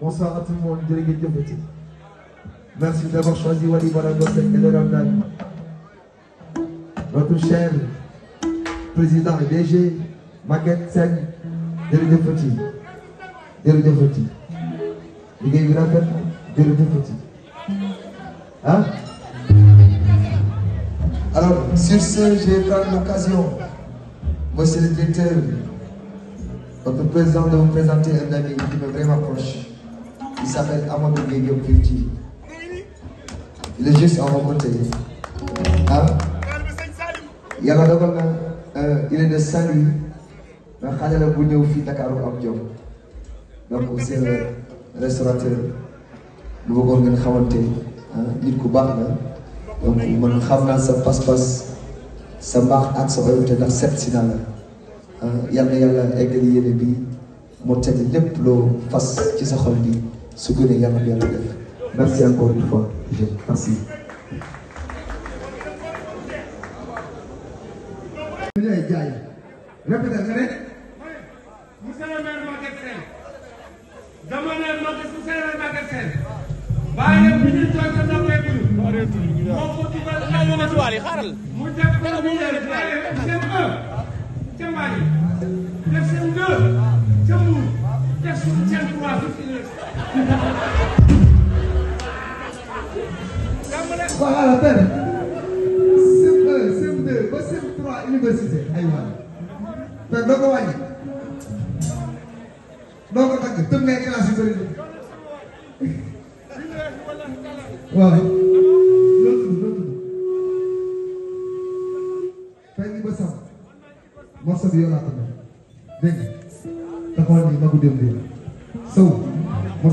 Bonsoir à tout le monde, délégué de beauté. Merci d'avoir choisi Wally Ballago Seck et le Ramadan. Notre cher président et DG Maguette Sène jërëjëf Fatick jërëjëf Fatick liggéey bi rafet jërëjëf Fatick ah. alors sur ce je vais prendre l'occasion monsieur le directeur votre président de vous présenter un ami qui m'est vraiment proche. Il s'appelle Amadou Guégué Kirti. Il est juste à mon côté. ah na euh, il est de Saint-Louis mais xale la bu ñëw fii Dakar am jom donc c'est le restaurateur lu bëggoon ngeen ku baax la xam naa sa pas-pas sa mbaax ak sa oyote ndax seet si naa la yàlla na yàlla eggali bi moo tëdd lépp loo fas ci sa xol bi. su gënee yàlla na yàlla def merci encore une fois je merci. ñu lay jaay répété nga ne. monsieur le maire Maguette Sène dama ne Maguette monsieur le maire Maguette Sène waaye bu ñu toog sa noppeeku moo ko dugal xaaral mu def ko mu def seen un ca Mali def seen deux ca Mbour def seen trois waaw benn CM1 CM2 ba CM3 université aywa te doo ko wàññi doo ko tàgg tëb ngay classe yu bëri waaw.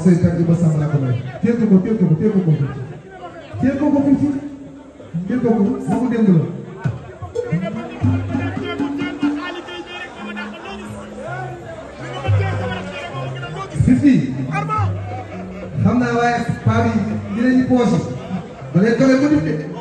Seydi Tange Bassa Maraboulaye téye ko ko téye ko ko téye ko ko téye ko ko tuuti téye ko ko bu mu déglu la. Fifi xam naa waaye paa bi dinañu poche ba léegi doole ko